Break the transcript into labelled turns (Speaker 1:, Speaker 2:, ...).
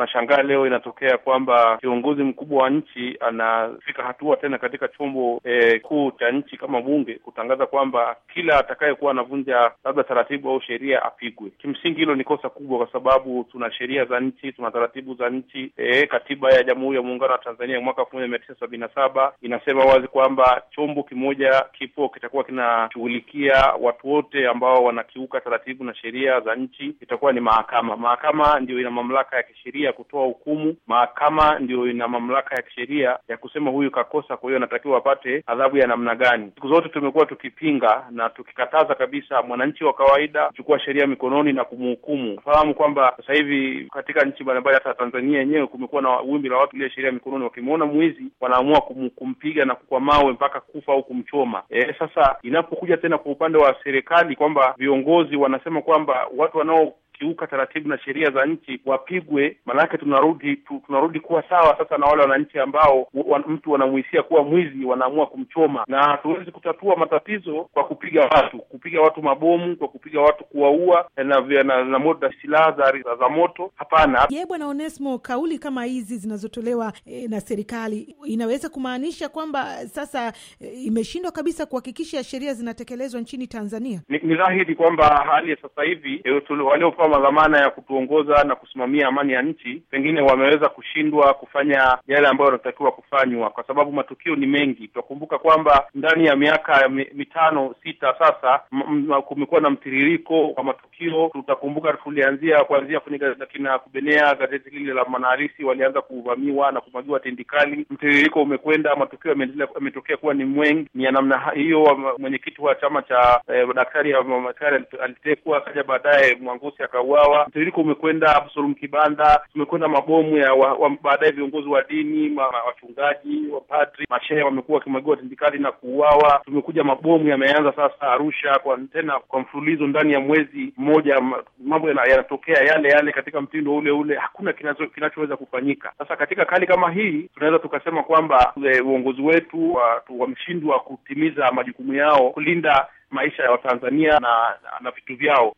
Speaker 1: tunashangaa leo inatokea kwamba kiongozi mkubwa wa nchi anafika hatua tena katika chombo eh, kuu cha nchi kama bunge kutangaza kwamba kila atakayekuwa anavunja labda taratibu au sheria apigwe. Kimsingi hilo ni kosa kubwa, kwa sababu tuna sheria za nchi, tuna taratibu za nchi. eh, katiba ya Jamhuri ya Muungano wa Tanzania mwaka elfu moja mia tisa sabini na saba inasema wazi kwamba chombo kimoja kipo kitakuwa kinashughulikia watu wote ambao wanakiuka taratibu na sheria za nchi, itakuwa ni mahakama. Mahakama ndio ina mamlaka ya kisheria ya kutoa hukumu. Mahakama ndio ina mamlaka ya kisheria ya kusema huyu kakosa, kwa hiyo anatakiwa apate adhabu ya namna gani. Siku zote tumekuwa tukipinga na tukikataza kabisa mwananchi wa kawaida kuchukua sheria mikononi na kumhukumu. Fahamu kwamba sasa hivi katika nchi mbalimbali, hata Tanzania yenyewe, kumekuwa na wimbi la watu ile sheria mikononi, wakimwona mwizi wanaamua kumpiga na kwa mawe mpaka kufa au kumchoma. E, sasa inapokuja tena kwa upande wa serikali kwamba viongozi wanasema kwamba watu wanao wanaokiuka taratibu na sheria za nchi wapigwe, maanake tunarudi tu, tunarudi kuwa sawa sasa na wale wananchi ambao wan, mtu wanamuhisia kuwa mwizi wanaamua kumchoma, na hatuwezi kutatua matatizo kwa kupiga watu, kupiga watu mabomu, kwa kupiga watu, kuwaua eh, na na, na moto silaha za, za moto. Hapana. Je,
Speaker 2: Bwana Onesmo, kauli kama hizi zinazotolewa e, na serikali inaweza kumaanisha kwamba eh, sasa e, imeshindwa kabisa kuhakikisha sheria zinatekelezwa nchini Tanzania?
Speaker 1: Ni, ni dhahiri kwamba hali ya sasa hivi e, waliopewa kama dhamana ya kutuongoza na kusimamia amani ya nchi, pengine wameweza kushindwa kufanya yale ambayo yanatakiwa kufanywa, kwa sababu matukio ni mengi. Tutakumbuka kwamba ndani ya miaka mitano sita sasa kumekuwa na mtiririko wa matukio. Tutakumbuka tulianzia kuanzia kwenye kina Kubenea, gazeti lile la Mwanahalisi, walianza kuvamiwa na kumwagiwa tindikali. Mtiririko umekwenda, matukio yametokea kuwa ni mwengi, ni ya namna hiyo. Mwenyekiti wa chama cha eh, daktari ya daktari alitekwa, akaja baadaye Mwangusi aka wakauawa. Mtiririko umekwenda Absalom Kibanda, tumekwenda mabomu ya wa, wa, baadaye viongozi wa dini ma, wachungaji, wapadri, mashehe wamekuwa wakimwagiwa tindikali na kuuawa. Tumekuja mabomu yameanza sasa Arusha kwa tena kwa mfululizo ndani ya mwezi mmoja, mambo yanatokea yale yale katika mtindo ule ule, hakuna kinachoweza kufanyika. Sasa katika hali kama hii tunaweza tukasema kwamba eh, uongozi wetu wameshindwa kutimiza majukumu yao kulinda maisha ya Watanzania na, na, na vitu vyao.